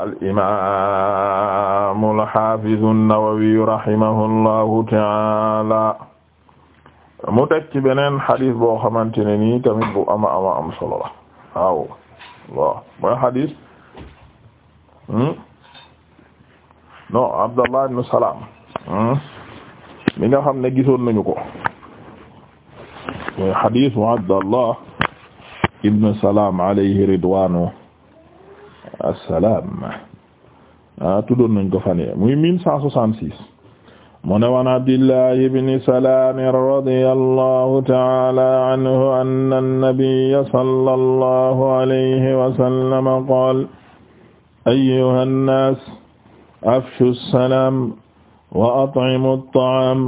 al-imaamu al-haafizu an-Nawawi rahimahullahu ta'aala mu teg ci beneen xadis boo xamante ne nii tamit bu ama ama am solo la waaw waaw mooy xadis hmm? non ibn Salaam hmm? mi nga xam ne gisoon nañu ko mooy xadisu Abdallah ibn Salaam alayhi ridwaanu assalam ah tuddoon nañ ko fan muy mille cent soixante-six mu ne waan abdillahi ibni salami radiyallahu ta'ala anhu anna an-nabiyya sallallahu alayhi wa sallam qaala ayyuha an-nas afshu as-salam wa at'imu at-ta'am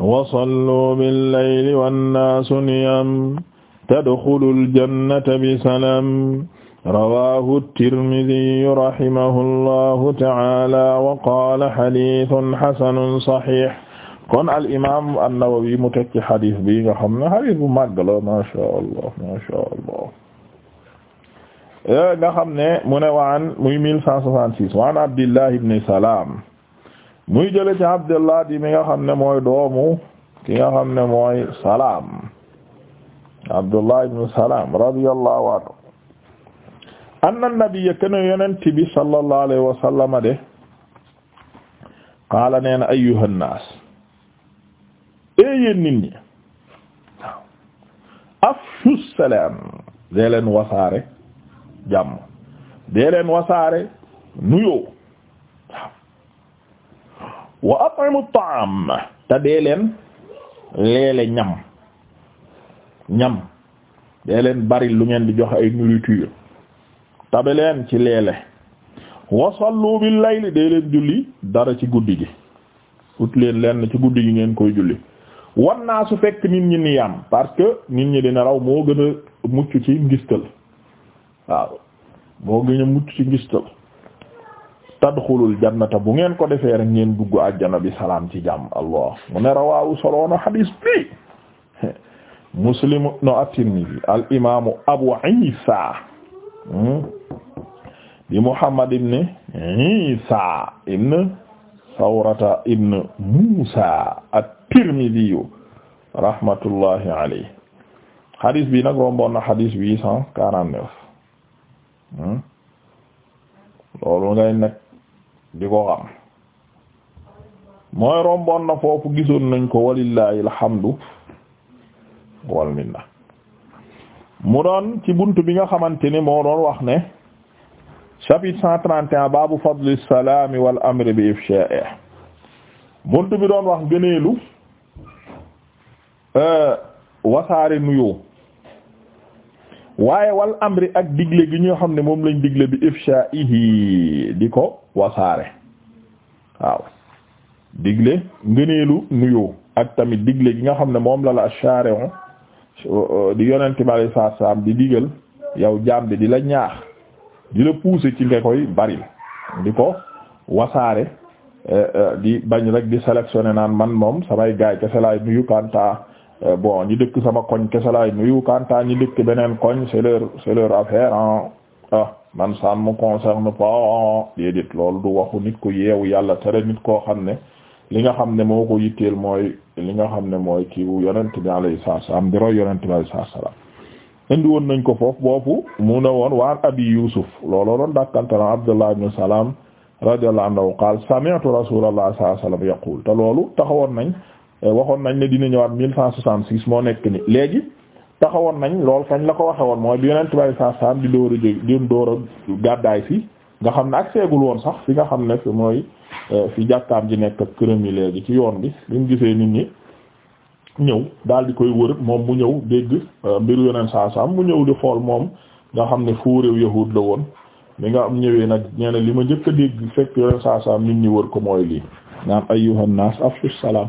wa sallu bil-layli wan-nasu niyam tadkhulu al-jannata bi salam rawaahu tirmidiyu rahimahullahu ta'ala wa qaala hadiisun hasanun saxiix kon al imaam an-Nawawi mu tekki xadis bi nga xam ne xadis bu màgg la macha allah macha allah nga xam ne mu ne waan muy mille cent soixante-six waan Abdullah ibn Salaam muy jële ci Abdullah di mi nga xam ne mooy doomu ki nga xam ne mooy Salaam Abdullah ibn Salaam radiyallahu anhu anna nabiyya kana yonent bi sallallahu alayhi wa sallama de qaala nee na ayyuhan naas e yéen nit dee leen wasaare jàmm dee leen wasaare nuyoo wa at'imu ta'am te dee leen leele ñam ñam dee leen bari lu ngeen di jox ay nourriture tabe leen ci leele wasallu bil layli dee leen julli dara ci guddi gi ut leen lenn ci guddi gi ngeen koy julli wan naa su fekk nit ñi niyaam parce que nit ñi di raw moo gën a mucc ci ngistal waaw moo gën a mucc ci ngistal tadxulul jannata bu ngeen ko defee rek ngeen dugg àjjana bi salaam ci jàmm allah mu ne rawaawu soloona xadiis bi muslim no at al imaamu abu Isa hmm? di Muhammad ibn Isa ibn Sawrata ibn Musa at-Tirmidhi rahmatullahi alayhi hadis bi nag romboon na hadis huit cent quarante neuf hmm? loolu ngay nekk di ko xam mooy romboon foofu gisoon nañ ko walillahi alhamdu wal minna mu doon ci bunt bi nga xamante ni moo doon wax ne cent 131 baabu fadli salaami wal amri bi ifshaa'ihi buntu bi doon wax gëneelu euh, wasaare nuyoo waaye wal amri ak digle gi ñoo xam ne moom lañ digle bi ifshaa'ihi di ko wasaare waaw digle ngëneelu nuyoo ak tamit digle gi nga xam ne moom la la shari'u di yonente bi alayhi salaam di digal yow jaam bi di la ñaax di la pousser ci nga koy bari di ko wasaare eh, eh, di bañ rek di sélectionner naan man moom samay gaay kese laay nuyu kanta eh, bon ñi dëkk sama koñ kese laay nuyu kanta ñi dëkk beneen koñ c'est leur affaire ah man ça ne me concerne pas déedéet loolu du waxu nit ku yeewu yàlla tere nit koo xam ne li nga xam ne moo ko yitteel mooy li nga xam ne mooy kiiwu yonent bi alayhi salaam di roy yonent bi alayhi salaam indi woon nañ ko foofu boobu mu ne woon waan abi Yusuf looloo doon dàkkantala Abdullah ibn Salam radiyallahu anhu qaal sami'tu rasulullah sallallahu alayhi wasallam yaqul te loolu taxawoon nañ eh, waxoon nañ ne dina ñëwaat mille cent soixante-six moo nekk ni léegi taxawoon nañ lool kañ la ko waxe woon mooy bi yonent bi saa saam di dóor a jóg di dóor a gàddaay si nga xam ne ak seegul woon sax fi nga xam ne fi mooy eh, fi jàkkaam ji nekk ak këram yi léegi ci yoon bi bi mu gisee nit ñi ñëw daal di koy wër moom mu ñëw dégg euh, mbir yonen saa saam mu ñëw di xool moom nga xam ne fu réew yahuud la woon mi nga am ñëwee nag nee na li ma njëkk a dégg fekk yeneen saa saam nit ñi wër ko mooy lii naan ayyuhan naas afshu salaam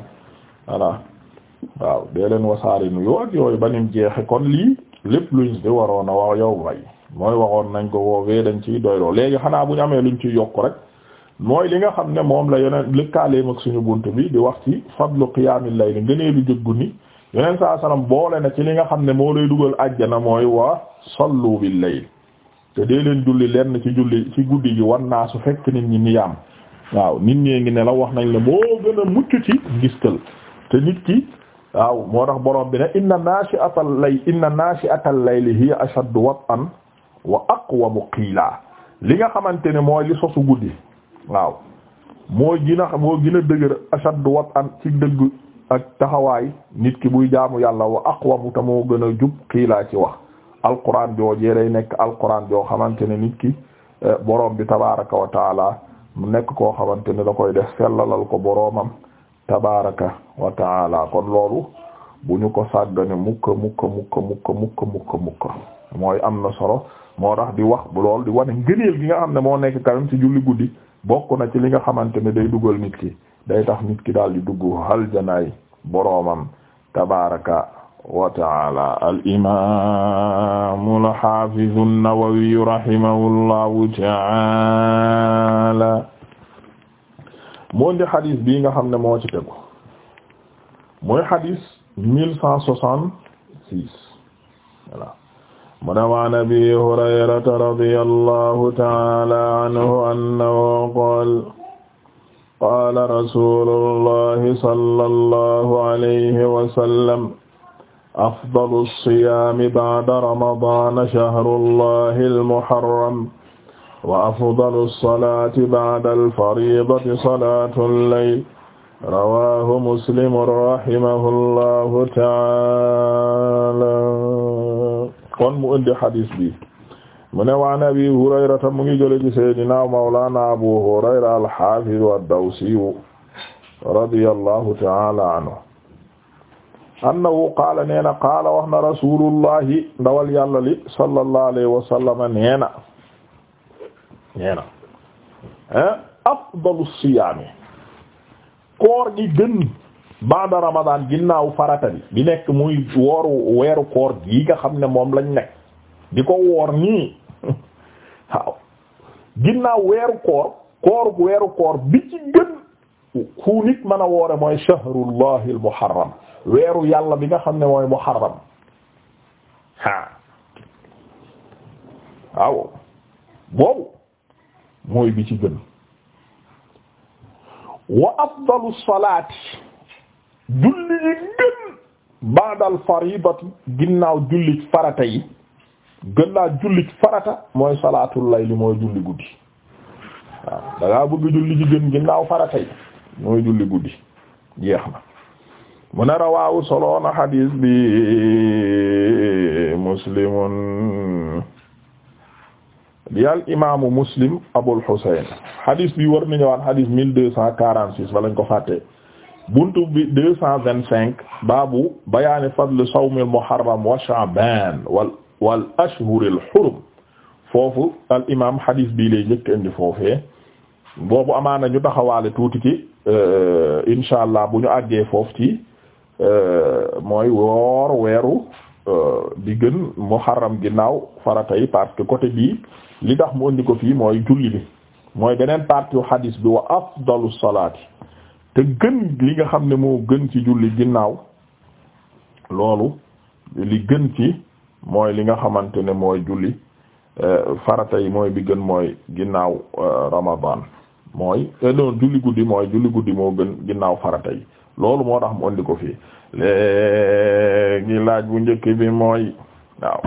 voilà waaw dee leen wasaari nuyoo ak yooyu ba nim jeexe kon lii lépp luñ di waroon a wax yow bay mooy waxoon nañ ko woowee dañ ciy doyloo léegi xanaa bu ñu amee luñ ci yokk rek mooy li nga xam ne moom la yeneen lëkkaaleem ak suñu bunt bi di wax ci fadlu qiyaamil layl ngëneelu jóg guddi yeneen saa salaam boole na ci li nga xam ne moo lay dugal àjjana mooy waa sallu bil layl te dee leen julli lenn ci julli ci guddi gi wan naa su fekk nit ñi niyaam waaw nit ñee ngi ne la wax nañ la moo gën a mucc ci ngistal te nit ki waaw moo tax borom bi ne inna naashi'atal layl inna naashi'atal layli hiya ashaddu wat'an wa aqwamu qiila li nga xamante ne mooy li guddi waaw moo gën a moo gën a dëgër ashaddu wat'an ci dëgg ak taxawaay nit ki buy jaamu yàlla wa aqwamu ta moo gën a jub xiilaa ci wax alquran joojee day nekk alquran joo xamante ne nit ki eh, borom bi tabaraka wa mu nekk koo xamante ne da koy def sellalal ko boroomam tabaraka wa taala kon loolu bu ñu ko sàggane mukka mukka mukka mukka mukka mukka mukka mooy am na solo moo tax di wax bu loolu di wane ngëneel gi nga xam ne moo nekk kanam ci julli guddi bokk na ci li nga xamante ne day dugal nit ki day tax nit ki daal di dugg aljanaay boroomam tabaraka wa taala al imamu taala moo di xadis bii nga xam ne moo ci tegu mooy xadis mu ne waan abi hurayrata radiyallahu ta'ala anhu annahu qaala qaala rasuulullahi sallallahu alayhi wa sallam afdalu siyaami ba'da ramadaana shahrullahil muharram wa afdalu salaati ba'dal fariidati salaatul layl rawaahu muslim rahimahullahu ta'ala kon mu indi hadis bi mu ne waan abi hurayrata mu ngi jële ci seydina mawlana abu hurayra al-hafiz ad-dawsi ta'ala anhu annahu qaala neena qaala wax na rasulullahi li sallallahu alayhi wa sallam neena neena ah, afdalu siyaami koor gi gën ba'da ramadan ginnaaw farata bi bi nekk muy wooru weeru koor gi nga xam ne moom lañ nekk di ko woor nii waaw ginnaaw weeru koor koor weeru koor bi ci ku nit mën a mooy shahrullahi al muharram weeru yàlla bi nga xam ne mooy muharram ha waaw bi ci gën wa afdalu salaati julli yi gën baadal faridati ginnaaw julli farata yi gën laa julli farata mooy salaatul layli mooy julli guddi waaw da julli ji gën farata yi mooy julli guddi jeex na mu ne solo soloona xadiis bi muslimun di al imaamu muslim abul xuseyn xadiis bi war nañu waan xadiis mille deux cent quarante six balañ ko fàtte buntu bi deux cent vingt cinq baabu bayaani fadl sawmil muharram wa sha'ban wa wal ashhuril hurum foofu al imaam hadis bii lay njëkk indi foofee boobu amaana ñu taxawaale tuuti ci euh, insha allah bu ñu àggee foofu ci euh, mooy woor weeru euh, di gën muharram ginnaaw farata yi parce que côté bi li tax mu indi ko fii mooy julli bi mooy beneen partie hadis bi wa afdalu salaati te gën li nga xam ne moo gën ci julli ginnaaw loolu li gën ci mooy li nga xamante ne mooy julli euh, farata yi mooy bi gën mooy ginnaaw euh, ramadan mooy doon euh, julli guddi mooy julli guddi moo gën ginnaaw farata yi loolu moo tax mu andi ko fii léegi laaj bu njëkk bi mooy waaw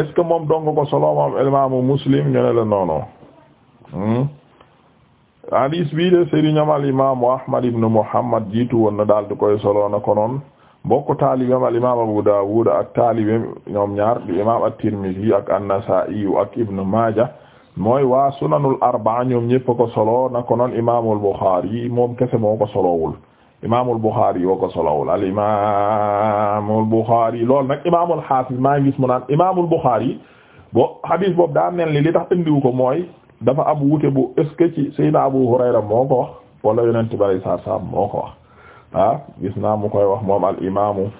est moom dong ko solo moom imaamu muslim ñu ne la non hmm? hadis bi de sëriñam al imaamu ahmad ibn muhammad jiitu woon na daal koy solo na konoon mbokk taalibeem al imaam abu daawud ak taalibeem ñoom ñaar di imaam at ak an-nasa'i ibn maaja mooy waa sunanul arba'a ñoom ñépp ko solo na konoon imaamul buxaari moom kese moo ko solowul imaamul buxaari woo ko solowul al imaamul buxaari loolu nag imaamul xaafis maa ngi gis mu naan imaamul bo hadis boobu daa mel tax indiwu mooy. dafa am wute bu est ce que ci Seydina Abu Hurayra moo ko wax wala yonent bari saa saa moo ko wax ah gis naa mu koy wax moom al imaamu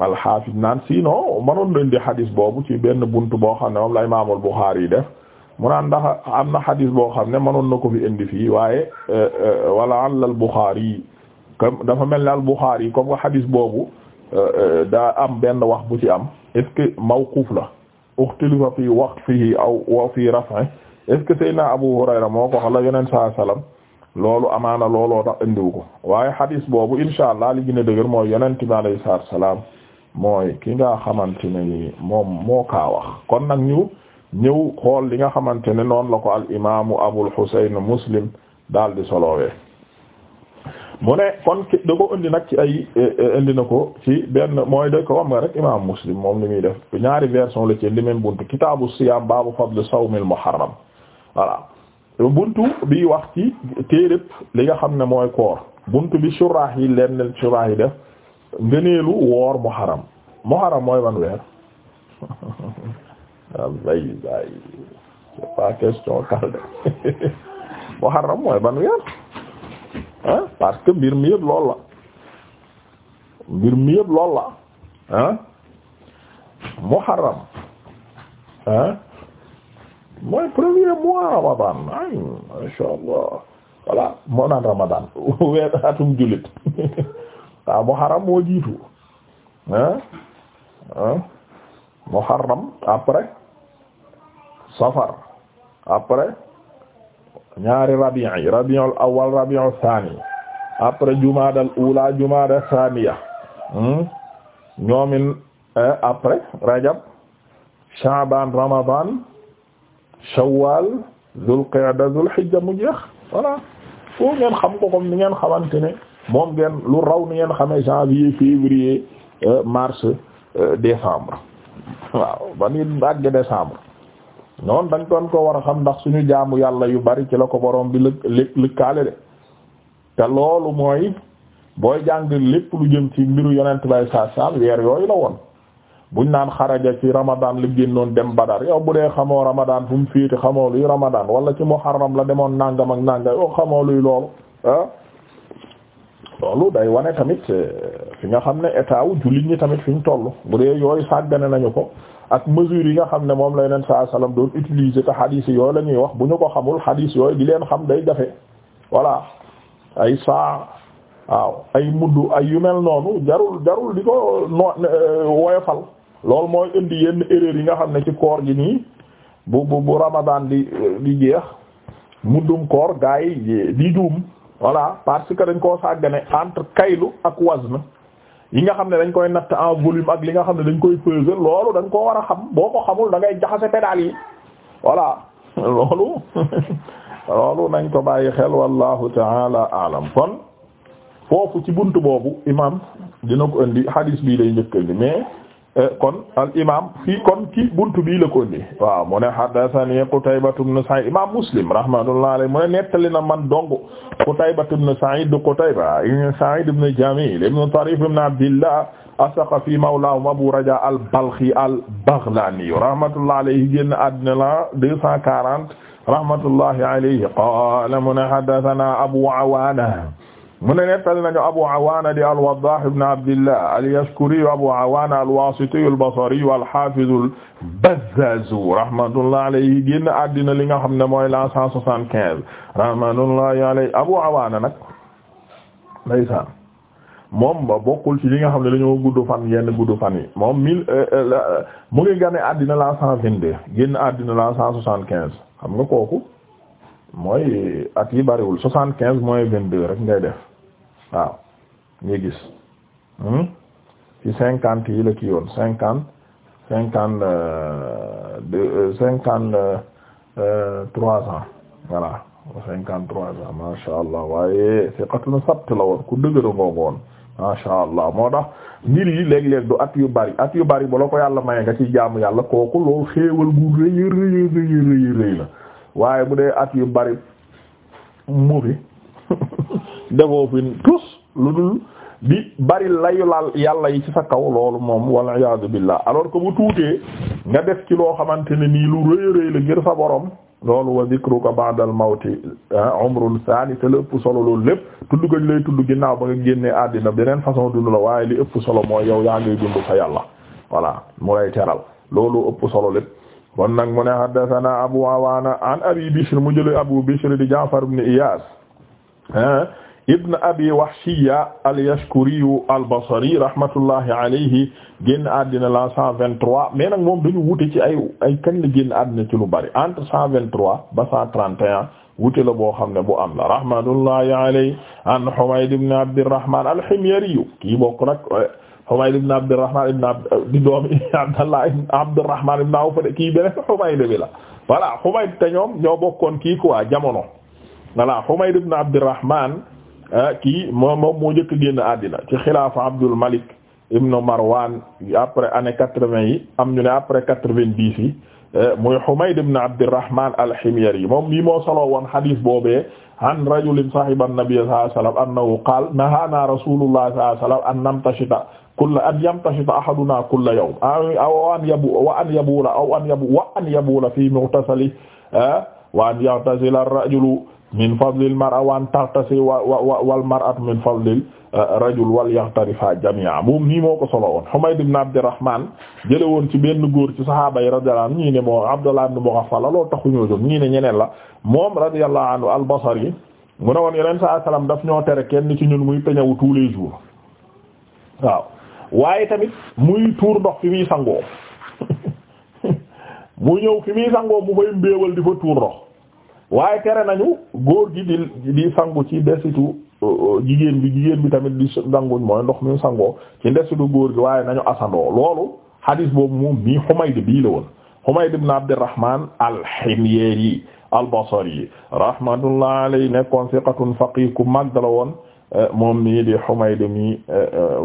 al haafid naan sinon manoon nañ di xadis boobu ci benn buntu boo xam ne moom la imaamul Buxaari yi def mu naan ndax am na xadiis boo xam ne manoon na ko fi indi fii waaye eh, eh, wala al Buxaari comme dafa mel ni al Buxaari comme que xadis boobu eh, daa am benn wax bu ci am est ce que mawquuf la uxtilifa fi waqfihi aw wa fi raf'i est-ce que Seydina Abu Hurayra moo ko xala yeneen saa salaam loolu amaana looloo tax ko waaye hadis boobu insha allah li gën a dëgër mooy yonent bi alayhi salaatu salaam mooy ki nga xamante ni moom moo kaa wax kon nag ñu ñëw xool li nga xamante ne noonu la ko al imaamu Abul Husayn Muslim daal di solowee mu ne kon da ko indi nag ci ay indi na ko ci benn mooy da ko wax nga rek imam Muslim moom li muy def ñaari version la ci indi même buntu kitaabu siyaam baabu fadl sawmil muharram voilà buntu bi wax ci li nga xam ne mooy koor buntu bi surah yi leen surah yi def ngëneelu woor muharam muharam mooy ban weer bay bay c'est pas question kalde muharam mooy ban weer ah parce que mbir mi yëpp lool la mbir mi yëpp lool la ah muharam ah mooy premier mois ramadan ay masha allah voilà moo ramadan weer atum jullit waaw ah, muharram moo jiitu ah ah safar après ñaari rabi'i rabi'ul awwal rabi'ul thani après jumaadal ula jumaada thaniya hmm? ñoomin eh, après rajab sha'ban ramadan shawwal dhul qa'da dhul hijja mu jeex voilà foofu ngeen xam ko comme ni ngeen xamante ne moom ngeen lu raw ni ngeen xamee janvier février euh, mars euh, décembre waaw ba ni àgg décembre noonu dañ doon ko war a xam ndax suñu jaamu yàlla yu bari ci la ko borom bi lëk lëkkaale de te loolu mooy booy jàng lépp lu jëm ci mbiru yonent bay saa saam weer yooyu la woon buñ naan xaraja ci ramadan li génnoon dem badar yow bu dee xamoo ramadan fu mu féete xamoo luy ramadan wala ci muharram la demoon nangam ak nangam yow xamoo luy loolu ah loolu day wane tamit eh, fi nga xam ne état jullit ñi tamit fi ñu toll bu dee yooyu sàggane nañu ko ak mesures yi nga xam ne moom lay yeneen sa salaam doon utiliser te xadiis yooyu la ñuy wax bu ñu ko xamul xadiis yooyu di leen xam day jafe voilà ay saa waaw ay mudd ay yu mel noonu jarul jarul di ko eh, loolu mooy indi yenn erreur yi nga xam ne ci koor gi nii bu bu bu Ramadan di di jeex muddum koor gars yi di duum voilà parce que dañ koo sàggane entre kaylu ak wazn yi nga xam ne dañ koy natt en volume ak li nga xam ne dañ koy peser loolu dañ koo war a xam boo ko xamul da ngay jaxase pédale yi voilà loolu loolu nañ ko bàyyi xel wallahu taala alam kon foofu ci bunt boobu imam dina ko indi hadis bii lay njëkk indi mais Eh, kon al imam fii kon ci buntu bii la ko indi waaw mu ne haddathani Qutaybatu ibn Sa'id imam Muslim rahmatullahi alayhi mu ne nettali na man dong Qutaybatu ibn Sa'id du Qutayba ibn Sa'id ibn Jamil ibn Tarif ibn Abdillah as-Saqafi mawlahum Abu Raja al-Balkhi al-Baghlani rahmatullahi alayhi génn àddina la 240 rahmatullahi alayhi qala mu ne haddathana Abu Awana mu ne nettali nañu Abu Awaana di al-Waddaah ibn Abdillah al-Yashkuri Abu Awaana al-Waasiti al-Basri al-Haafiz al-Bazzaaz rahmatullahi alayhi génn àddina li nga xam ne mooy la 175 rahmatullahi alayhi Abu Awaana nag ndeysaan moom ba bokkul ci li nga xam ne dañoo gudd fan yenn gudd fan moom mille euh, euh, mu ngi gane àddina la 122 génn àddina la 175 xam nga kooku. mooy at yi bariwul soixante quinze moins vingt deux rek ngay def waaw ngay gis hmm? ci cinquante yi la ki yoon cinquante cinquante euh, euh, euh, trois ans voilà cinquante trois ans masha allah waaye siqatun sabt la woon ku dëgëra ngoogoon masha allah moo tax mbir yi léeg-léeg du at yu bari at yu bari ba ko yàlla maye nga ci jaamu yàlla kooku loolu xéewal gu rëy rëy rëy rëy la waaye bu dee at yu bari mu fi defoo fi tus lu dul bi bari layu laal yàlla yi ci sa kaw loolu moom wal iyaadu billah alors que bu tuutee nga def ci loo xamante ni nii lu rëy rëy la ngir sa borom loolu wa zikruka ba'dal mawti ah, umrun saani te la ëpp solo loolu lépp tudd gañ lay tudd ginnaaw ba nga génnee àddina beneen façon dund la waaye li ëpp solo mooy yow yaa ngay dund sa yàlla voilà mu lay teral loolu ëpp solo lépp kon nag mu ne haddathana Abu Awaana an Abi Bishr mu jëlee Abu Bishr di Ja'far ibn Iyas ah, ibn Abi Wahshiya al-Yashkuri al-Basri rahmatullahi alayhi génn àddina la 123 mais nag moom dañu wuti ci ay ay kañ la génn àddina ci lu bari entre 123 ba 131 wute la boo xam ne bu am la rahmatullahi alayhi an Humayd ibn Abdirrahman al-Himyari kii bokk nag. Humayd ibn Abdurrahman ibn di doomi Abdallah ibn Abdurrahman ibn Awf kii beneen Humayd bi la voilà Humayd te ñoom ñoo bokkoon kii quoi jamono voilà Humayd ibn Abdurrahman ah, kii moom moom moo njëkk génn àddina ci xilaafa Abdul Malik ibn Marwan après année quatre-vingt yi am ñu ne après quatre-vingt-dix yi eh, muy Humayd ibn Abdurrahman al-Himyari moom mii moo solo woon hadis boobee an rajulin sahiba an-nabiy sallallahu alayhi wa sallam annahu qaala nahaana rasulullah sallallahu alayhi wa sallam an namtashita kulla an yamtashita ahaduna a yawm aw an yabu wa an yabula aw an yabu wa an yabula fi mughtasali wa an yaghtasila ar-rajulu min fadli al-mar'a wa an taghtasil wal mar'atu min fadli ar-rajul wal yaghtarifa jami'a moom nii moo ko solo woon Humayd ibn Abdurrahman jële woon ci benn góor ci sahaaba yi radiyallahu anhu ñii ne moo Abdullah ibn Mughaffal la loolu taxuñoo jóg ñii ñeneen la moom radiyallahu anhu al-Basri mu ne woon yeneen saa salaam daf ñoo tere kenn ci ñun muy peñawu tous les jours waaw waaye tamit muy tuur ndox fi muy sangoo mu ñëw fi muy sangoo mu fay mbéewal di fa tuur ndox waaye tere nañu góor gi di sangu ci desitu uh, uh, jigéen bi jigéen bi tamit di sanguñ mooy ndox mi sangoo ci desitu góor gi waaye nañu asandoo loolu hadis boobu moom mii Humayd bii la woon Humayd ibn Abdurrahman al-Himyari al rahmatullah alayhi nekkoon siqatun faqih ku la woon moom mii di Humayd mi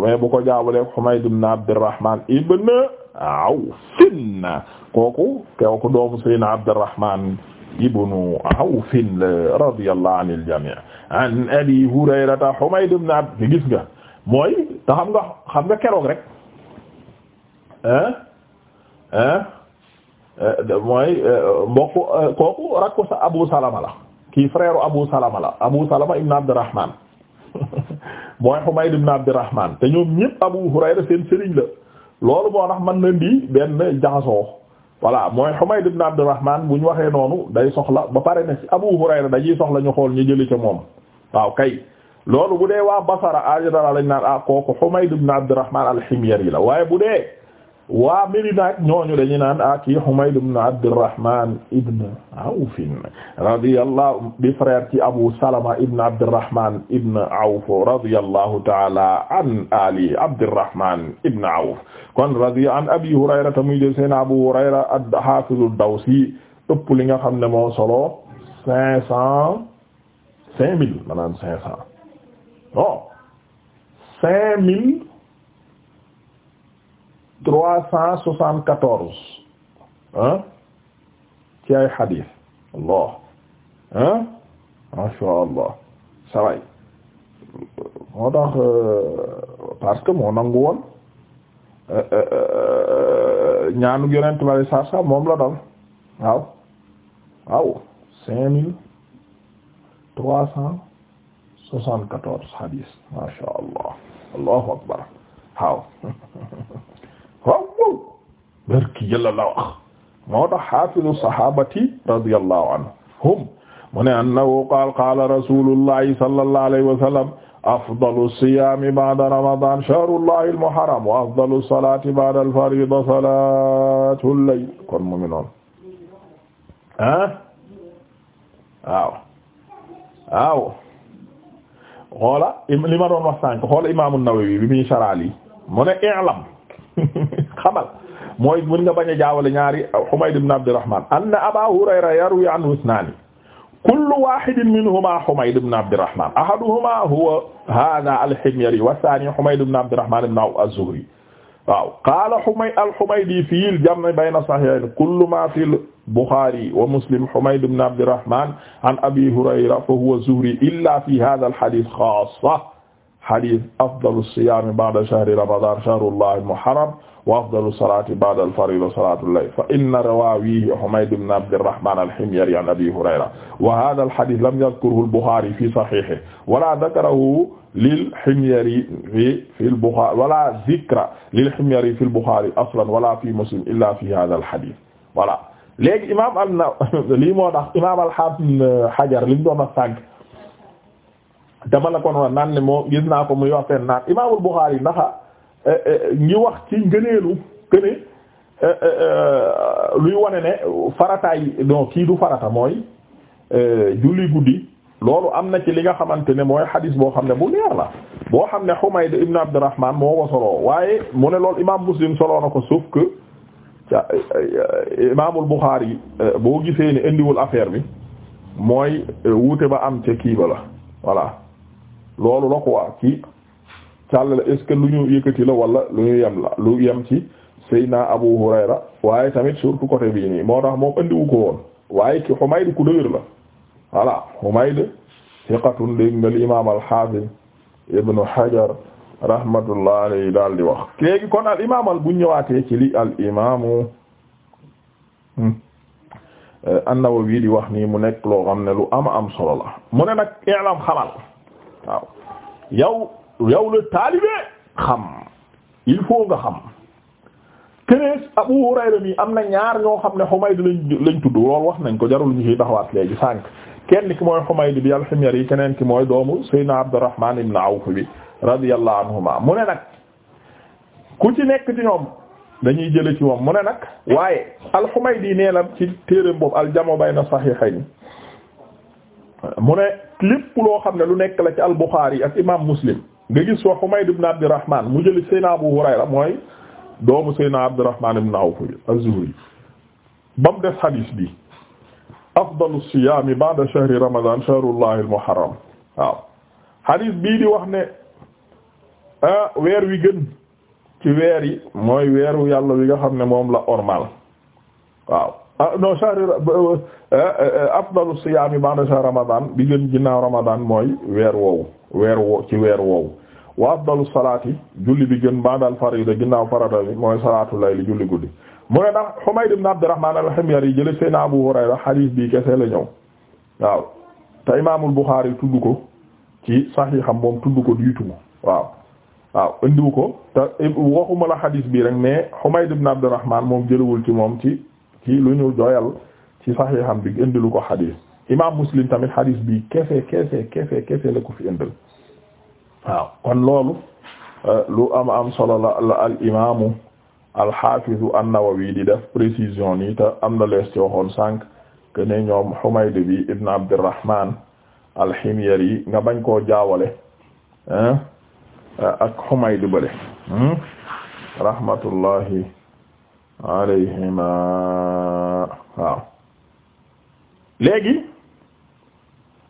waaye bu ko jaawale Humayd ibn Abdurrahman ibn Awf kooku kooku doomu Sayyidina Abd gis nga mooy te xam nga xam rek euh, euh, euh, Abu Salama la kii frère Abu Salama la Abu Salama ibn Abdurrahman mooy Humayd ibn Abdurrahman te ñoom ñëpp Abu Hurayra seen sëriñ la loolu moo tax man na di benn jaxasoo voilà mooy Humayd ibn Abdurrahman bu ñu waxee noonu day soxla ba pare ne ci Abu Hurayra dañuy soxla ñu xool ñu jëli ca moom waaw kay loolu bu dee waa Basara en général lañ naan ah kooku Humayd ibn Abdurrahman al-Himyari la waaye bu dee. waa Medina ak ñooñu dañu naan ah kii Humayd ibn Abdurrahman ibn Awf radiyallahu bi frère ci Abu Salama ibn Abdurrahman ibn Awf radiyallahu ta'ala an ali Abdurrahman ibn Awf kon radiya an Abi Hurayra muy jël seen Abu Hurayra al-Hafiz ad-Dawsi ëpp li nga xam ne moo solo cinq cent cinq trois cent soixante quatorze ah ci ay Allah ah ma sha saway moo tax euh, parce que moo nangu woon euh, euh, ñaanu yonent bari sarsa moom la dal waaw waaw trois cent soixante-quatorze xadiis ma sha Allah allahu akbar waaw barki yàlla la wax moo tax xaafidu sahabati radiyallahu anhum mu ne annahu qaal qaala rasulullahi sallallahu alayhi wa sallam afdalu siyaami ba'da ramadan shahrullahi al-muharram wa afdalu salati ba'da al-farida salatul layl kon mu ngi noonu ah waaw waaw xoola li ma doon wax sànk xoola imaamu Nawawi bi muy saraal yi mu ne i'lam xamal mooy mën nga bañ a jaawale ñaari uh, Humayd ibn Abdurrahman anna Aba Hurayra yarwi anhu isnaani kullu wahidin minhuma Humayd ibn Abdurrahman ahaduhuma huwa hadha al-Himyari wa thani Humayd ibn Abdurrahman ibn az-Zuhri waaw qaala Humayd al-Humaydi fi al-jam' bayna sahihayn kullu ma fi al-Bukhari wa Muslim Humayd ibn Abdurrahman an Abi Hurayra fa huwa az-Zuhri illa fi hadha al-hadith khassa hadith afdalu siyaami ba'da shahri ramadan shahrullahi muharram wa afdalu salati ba'da al-farida salatu al-layl fa inna rawawihi humayd ibn abdirrahman al-himyari an abi hurayra wa hadha al-hadith lam yadhkurhu al-bukhari fi sahihihi wala dhakarahu lil-himyari fi fi al-bukhari wala dhikra lil-himyari fi al-bukhari aslan wala fi muslim illa fi hadha al-hadith voilà léegi imam am na lii moo tax imam al-hafiz hajar liñ doon a sànq dama la ko noonu naan ne moom gis naa ko muy wax seen naan Imaamul Buxaari ndaxa eh, eh, ngi wax ci ngëneelu këne eh, luy wane ne farataay non kii du farata mooy julli guddi loolu am na ci li nga xamante ne mooy xadis boo xam ne bu leer la boo xam ne Humayd ibn Abdurrahman moo ko soloo waaye mu ne loolu imaam Muslim soloo na ko sauf que ca imaamul Bukhari boo gisee ni indiwul affaire bi mooy wuute ba am ca kii la voilà. loolu la quoi ci càllale est-ce que lu ñu yëkkati la wala lu ñu yem ci Seydina Abu Hurayra waaye tamit surtout côté bii nii moo tax moom andiwu ko woon waaye ki Humayd ku dëgër la voilà Humayd thiqatun dégg nga li imaam al-Hafiz Ibn Hajar rahmatullah alayhi daal di wax léegi kon al imaam al bu ñëwaatee ci li al imaamu hmm, an-Nawawi di wax nii mu nekk loo xam ne lu ama am solo la mu ne nag i'lam xamal waaw yow yow le taalibe xam il faut nga xam kenees Abu Hurayra mi am na ñaar ñoo xam ne Humayd lañ lañ tudd loolu wax nañ ko jarul ñu fi taxawaat léegi sànq kenn ki mooy Humayd bi al-Himyari yi keneen ki mooy doomu Seydina Abdurrahman ibn Awf bi radiyallahu anhuma mu ne nag ku ci nekk ci ñoom dañuy jële ci moom mu ne nag waaye al-Humaydi nee la ci téereem boobu al-Jamu bayna sahihayn mu ne lépp loo xam ne lu nekk la ci al-Bukhari ak imam Muslim nga gis wa Humayd ibn Abdurrahman mu jëli Seyna Abu Hurayra mooy doomu Seyna Abdurrahman ibn Awf az-Zuhri ba mu des hadis bi afdalu siyaami ba'da shahri ramadan shahrullahi al waaw hadis bii di wax ne ah, weer wi gën ci weer yi mooy weeru yàlla wi nga xam ne moom la ormal waaw Ah, non shahri euh, euh, euh, afdalu siyaami ba'da shahri ramadan bi gën ginnaaw ramadan mooy weer woow weer woowu ci weer woowu wa afdalu salaati julli bi gën ba'dal farida ginnaaw farata bi mooy salaatu layli julli guddi mu ne ndax Humayd ibn Abdurrahman al-Himyari yi jële seen Abu Hurayra hadith bi kese la ñëw waaw te imaamul Bukhari tudd ko ci saxiixam moom tudd ko diitu waaw waaw indiwu ko te waxuma la hadith bi rek mais Humayd ibn Abdurrahman moom jëlewul ci moom ci ci lu ñu doyal ci saxiixam bi indilu ko xadiis imaam muslim tamit xadiis bi kefe kefe kefe kefe la ko fi indil waaw kon loolu euh, lu am am solo la la al imaamu al xaafizu an-Nawawi di def précision nii te am na lees ci waxoon sànq que ne ñoom Humayd bi ibn Abdurrahman al-Himyari yi nga bañ koo jaawale ak Humayd bële hmm, rahmatullahi alayhima waaw léegi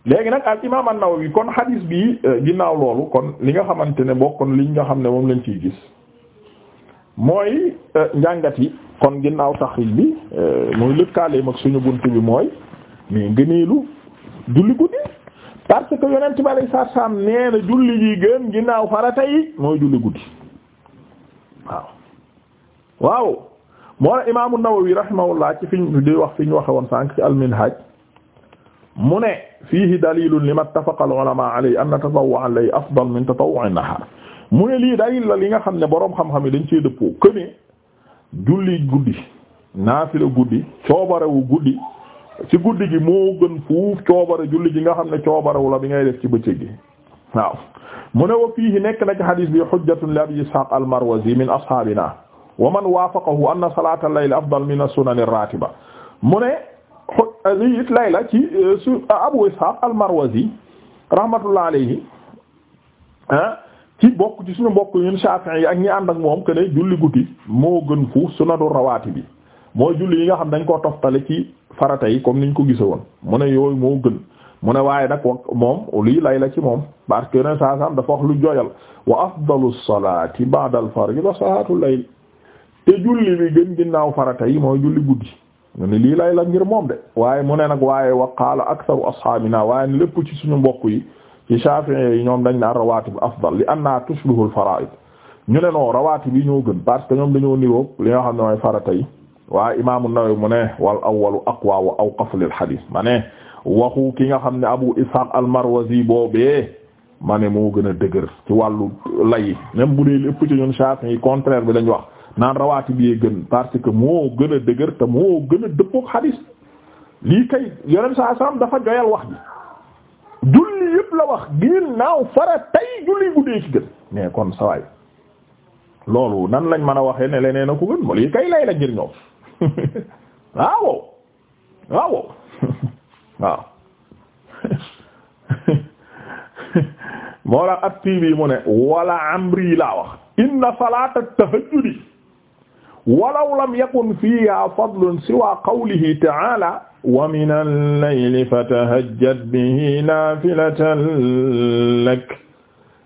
léegi nag al imaam an-Nawawi kon hadis bi euh, ginnaaw loolu kon li nga xamante ne bokkoon liñ nga xam ne moom lañ ciy gis mooy euh, njàngat yi kon ginnaaw taxriij bi euh, mooy lëkkaaleem ak suñu bunt bi mooy mais ngëneelu julli guddi parce que yonent bi alayhi salaatu salaam julli ji gën ginnaaw farata yi mooy julli guddi waaw waaw moo ne imaamu Nawawi rahimahullah ci fiñ di wax fi ñu waxe woon sànq ci al-Minhaj mu ne fiihi dalilun lima ittafaqa al-ulama alayhi anna tatawwu'a al a afdal min tatawwu'i an-nahar mu ne lii dalil la li nga xam ne borom xam-xam yi dañ cee dëppoo que juli julli guddi naafila guddi coobarewu guddi ci guddi gi moo gën fuuf coobare julli gi nga xam ne coobarewu la bi ngay def ci bëccëg gi waaw mu ne wa fiihi nekk na a hadis bi hujjatun li Abi Ishaq al-Marwazi min ashaabina wa man waafaqahu anna salaata al-layl afdal min as-sunan ar-raatiba mu ne lii it layla ci euh, su euh, Abu Ishaq al-Marwazi rahmatullah alayhi ah ci bokk ci suñu bokk ñun Shafi'i yi ak ñi ànd ak moom que ne julli guddi moo gën fu sunanu rawaati bi mooy julli yi nga xam dañ koo toftale ci farata yi comme niñ ko gise woon mu ne yooyu moo gën mu ne waaye nag wax moom lii layla ci moom parce que yeneen saa dafa wax lu jooyal wa afdalu salaati ba'da al-fard wa salaatu al-layl te julli bi gën ginnaaw farata yi mooy julli guddi ñu lii lay la ngir moom de waaye mu ne nag waaye wa qaala aktharu ashaabina waaye ne lépp ci suñu mbokk yi ci Shafi'i yi ñoom dañ ne ar-rawaatib afdal li anna tushbihu al ñu ne non rawaatib yi ñoo gën parce que ñoom dañoo niroog li nga xam ne mooy farata yi waaye imaam an-Nawawi mu ne wal awwalu aqwa wa awqaf lil hadiis ma ne waxu ki nga xam ne Abu Ishaq al-Marwazi boobee ma ne moo gën a dëgër ci wàllu lay même bu dee lépp ci ñun Shafi'i yi contraire bi lañ wax naan rawaati bi gën parce que moo gën a dëgër moo gën a dëppook xadiis lii kay yonent sa salaam dafa joyal wax julli yëpp la wax ginnaaw fara tay julli guddee ci gën mais kon sawaay loolu nan lañ mën a waxee ne leneen a ko gën lii la ngir moo la at tv mu ne wala amri laa wax inna salaata tahajjudi walaw lam yakun fiha fadlun siwa qawlihi ta'ala wa min al-layli fatahajjad bihi nafilatan lak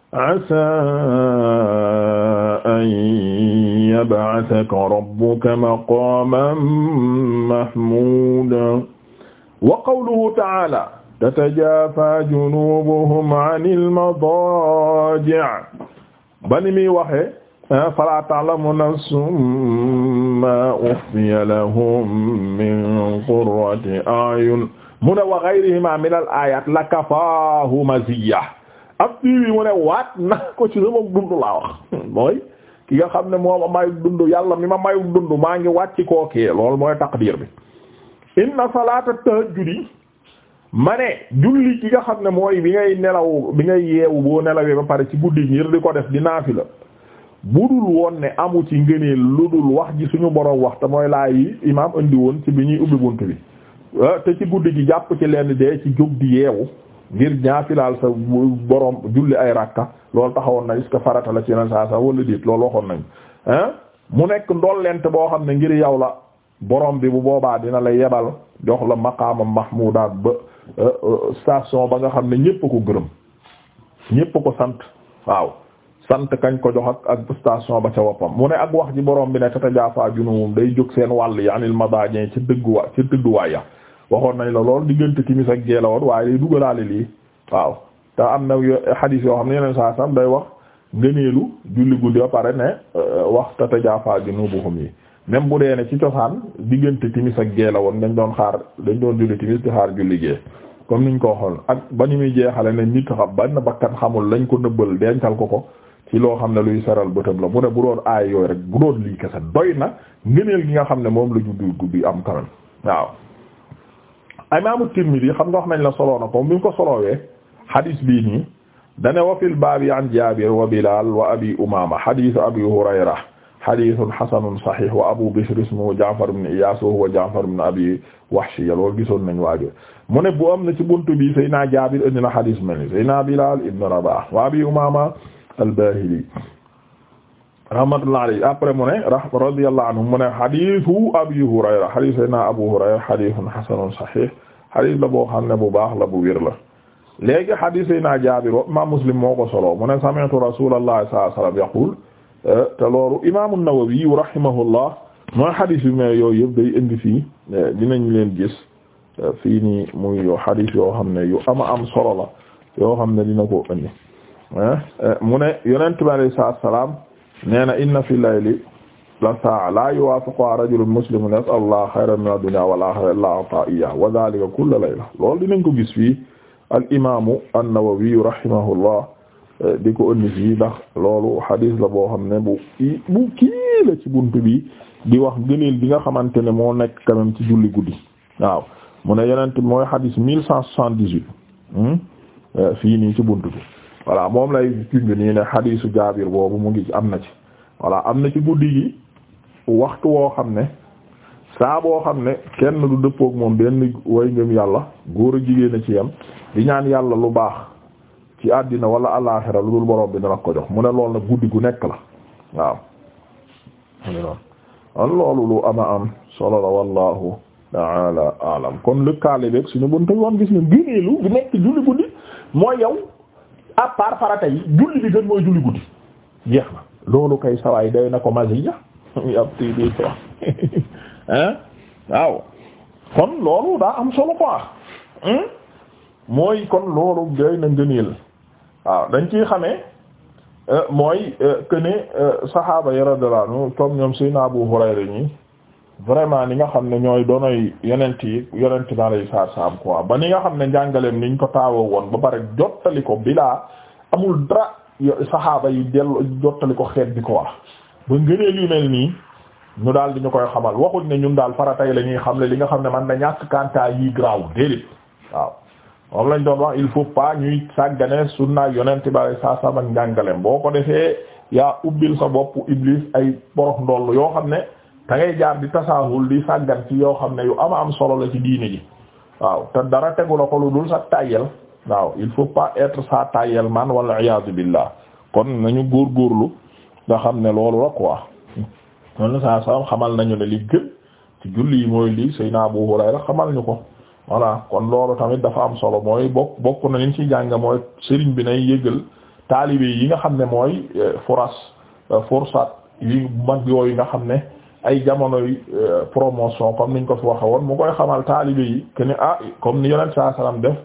asaa an yab'athaka rabbuka maqaman mahmuda wa qawluhu ta'ala tatajafa junubuhum 'anil madaji' bani mi waxe Ah, fala ta'lamu nafsun ma ukhfiya lahum min qurrati a'yun mu ne wa ghayrihima min al la kafahu maziya ab fii mu ne waat na ko ci sama dundu laa wax mooy ki nga xam ne moo a mayu dundu yàlla mi ma mayu dundu maa ngi waat ci kookee loolu mooy taqdir bi inna salata tahajjudi ma ne julli ki nga xam ne mooy bi ngay nelaw bi ngay yeewu boo nelawee ba pare ci guddi ngir di ko def di naafila budul woon ne amu ci ngëneel lu dul wax ji suñu boroom wax te mooy laay yi imaam indi woon ci bi ñuy ubbi bunt bi euh, te ci guddi jàpp ci lenn dee ci jóg di yeewu ngir ñaafilaal sa borom julli ay rakka loolu taxawoon na jusque farata la ci yeneen saa sa wala déet loolu waxoon nañ mu nekk ndool ndollent boo xam ne ngir yow la boroom bi bu boobaa dina la yebal jox la maqaama mahmudaat ba euh, euh, station ba nga xam ne ñépp a ko gërëm ñépp a ko sant waaw sant kañ ko jox ak ak station ba ca woppam mu ne ak wax ji boroom bi ne tatajaafa junuwum day jóg seen wàll yi anil madaaje ci dëgguwaay ci dëgguwaay ya waxoon nañ la lool diggante timis ak gee la woon waaye day dugalaale lii waaw te am na xadiis yoo xam ne yeneen saa sam day wax ngëneelu julli guddi ba pare ne euh, wax tatajaafa junubuhum yi même bu dee ne ci cosaan diggante timis ak gee la woon dañ doon xaar dañ doon julli timis di xaar julli gee comme niñ ko waxoon ak ba ñu muy jeexale ne nit xam ban bakkan xamul lañ ko nëbbal dencal ko ko ci loo xam ne luy saral bëtam la mu ne bu doon aay yooyu rek bu lii kese doy na ngëneel gi nga xam ne moom la juddu guddi am kanam waaw imaamu Tirmidi xam nga wax nañ la soloo na ko bi ko solowee hadis bii nii dane wa fil baabi an Jaabir wa Bilaal wa Abi Umaama hadisu Abi Hurayra hadisun hasanun sahih wa Abu Bishr ismuhu Ja'far ibn Iyaas wa huwa Ja'far ibn Abi Wahshi loolu gisoon nañ waajo mu ne bu am na ci buntu bi naa Jaabir indi na hadis mel ni Seydina Bilaal ibn al-Bahili rahmatullahi alayhi après mu ne radiyallahu anhu mu Abu Hurayra hadithun hasanun sahih boo xam ne bu baax la bu wér la léegi hadith sayna Jaabir imam Muslim moo ko solo mu ne sami'tu Rasulullah sallallahu alayhi wasallam eh, te loolu imam an-Nawawi rahimahullah mooy hadith yu mel yooyu yëpp day indi fii eh, dinañ leen gis eh, fii nii muy yo hadith yoo xam ne yu ama am solo la yoo xam ne dina ko indi Eh? Eh, mu ne yonent bi alayhi salaam nee na inna fi layli la saa la yuwaafiquhaa rajulun muslimun yas'alu Allaha la mina dunya wal aaxirati illaa a'taahu iyyaah wa dhaalika kulla layla loolu dinañ ko gis fi al imaamu an-Nawawi rahimahullah eh, di ko ëndi fii ndax loolu hadis la boo xam ne bu bu ci buntu bi di wax gëneel bi nga xamante ne moo nekk quand ci julli guddi waaw mu ne yonent mooy hadis mille cent soixante hmm? ci buntu bi. voilà moom lay junj nii ne xadiisu jaabir boobu mu ngi am na ci voilà am na ci guddi gi waxtu woo xam ne saa boo xam ne kenn du dëppook moom benn way ngëm yàlla góor a jigéen a ci yam di ñaan yàlla lu baax ci àddina wala alaaxira lu dul borom bi dana ko jox mu ne lool nag guddi gu nekk la waaw an loolu lu ama am solo la wallahu taala alam kon lëkkaale beeg suñu buntu woon gis ñu gineelu bi nekk julli guddi mooy yow à part farata yi julli bi gën mooy julli guddi jeex na loolu kay sawaay day na ko maziya ab ti di hein waaw kon loolu daa am solo quoi hmm? mooy kon loolu day na ngëneel waaw dañ ci xamee euh, mooy euh, que ne euh, saxaaba yi radiyallahu anhu comme ñoom Seydina Abu Hurayra ñi vraiment li nga xam ne ñooy doonoy yonent yi yonent bi alayhi salaam quoi ba ni nga xam ne njàngaleem niñ ko taawoo woon ba pare jottali ko bilaa amul dara saxaaba yi dellu jottali ko xeet bi ko wax ba ngëneel yu mel nii ñu daal di ñu koy xamal waxuñ ne ñun daal faratay la ñuy xam ne li nga xam ne man na ñàkk kantaa yi graw déedéet waaw moom lañ doon wax il faut pas ñuy sàggane sunna yonent bi alayhi salaam ak njàngaleem boo ko defee yaa ubbil sa bopp iblis ay borox ndoll yoo xam ne da ngay jaar di tasaahul di sàggan ci yoo xam ne yu ama am solo la ci diine ji waaw te dara tegu la ko dul sa tayel waaw il faut pas être sa tayel man wala iyaazu billah kon nañu góorlu nga xam ne loolu la quoi loolu saa saa xamal nañu ne li gën ci julli yi mooy lii Seydina Abu Hurayra xamal ñu ko voilà kon loolu tamit dafa am solo mooy bokk bokk na liñ ci jàng mooy sëriñ bi nay yëgal taalibe yi nga xam ne mooy eh, foras eh, forsat yi mag yooyu nga xam ne ay jamonoy euh, promotion comme niñ ko fi waxe woon mu koy xamal taalibe yi que ne ah comme ni yonent saa def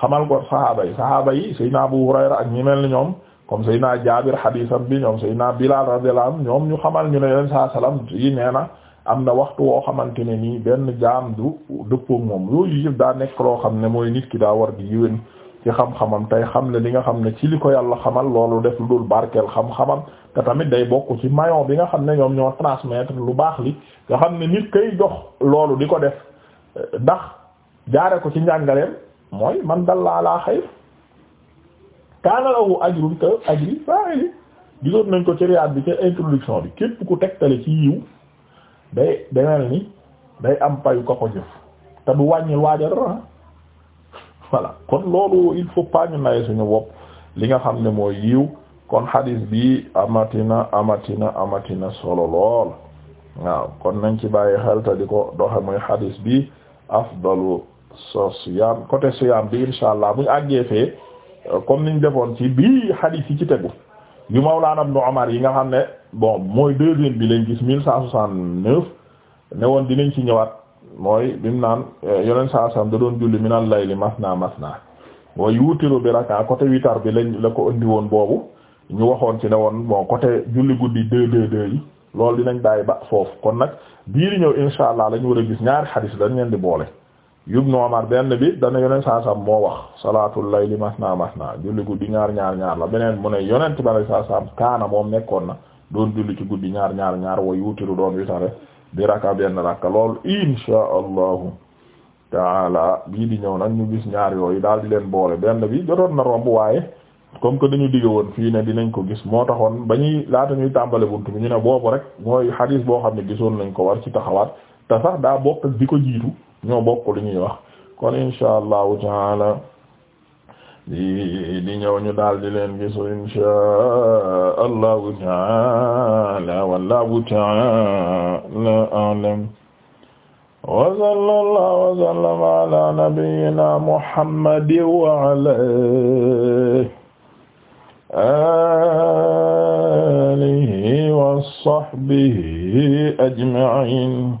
xamal ko sahaaba yi sahaaba yi Seydina Abu Hurayra ak ñi mel ni ñoom comme Seydina Jaabir xadiisam bi ñoom Seydina Bilaal radiyallahu anhu ñoom ñu xamal ñu ne yonent saa yi nee na am na waxtu woo xamante ne nii benn jaam du dëppoo moom yooyu yëpp daa nekk loo xam ne mooy nit ki daa war di yéwén ci xam-xamam tey xam ne li nga xam ne ci li ko yàlla xamal loolu def lu dul barkeel xam-xamam te tamit day bokk ci maillon bi nga xam ne ñoom ñoo transmettre lu baax li nga xam ne nit kay jox loolu di ko def ndax jaare ko ci njàngaleem mooy man dalla ala xayr kaana lahu ajrun ka ajri fa'ili gisoon nañ ko ci riyaad bi ci introduction bi képp ku tegtale ci yiw day demel ni day am payu ko ko jëf te du wàññil waaja dara voilà kon loolu il faut pas ñu suñu bopp li nga xam ne mooy yiw kon hadis bi amatina amatina amatina solo lool waaw kon nañ ci bàyyi xel di ko doxe muy hadis bi afdalu so siyam côté siyam bi insha allah buñ àggee fee comme niñ defoon ci bii hadis yi ci tegu yu Mawlana Ibn Umar yi nga xam ne bon mooy deuxième bi lañ gis mille cent soixante-neuf ne woon dinañ ci ñëwaat mooy bim naan eh, yeneen saa saam da doon julli mas layli masna masna wa yuutiru bi raka côté witar bi lañ la ko indi woon boobu ñu waxoon ci ne woon boo côté julli guddi deux deux deux yi loolu dinañ bàyyi ba foofu kon nag bii ñëw insha allah lañu war a gis ñaari xadis dañ leen di boole yubnu Umar benn bi dana yonent saa saam moo wax salaatul naa masna masna julli guddi ñaar ñaar ñaar la beneen mu ne yonent ba saa saam kaana moom nekkoon doon julli ci guddi ñaar ñaar ñaar wa yuutiru doon witare di raka benn raka lool insha allahu taala bii di ñëw nag ñu gis ñaar yooyu daal di leen boole benn bi jotoon na romb waaye comme que dañu digg woon fii ne dinañ ko gis moo taxoon ba ñuy laata ñuy tàmbale buntu bi ñu ne boobu rek mooy xadiis boo xam ne gisoon nañ ko war ci taxawaat te sax daa bokk di ko jiitu ñoo bokk lu ñuy wax kon insha allahu taala di di ñëw ñu daal di leen gisu insha allahu taala wallahu taala alam wa sallallahu wa sallama ala nabiyyina muhammadin wa ala alihi wa sahbihi ajma'in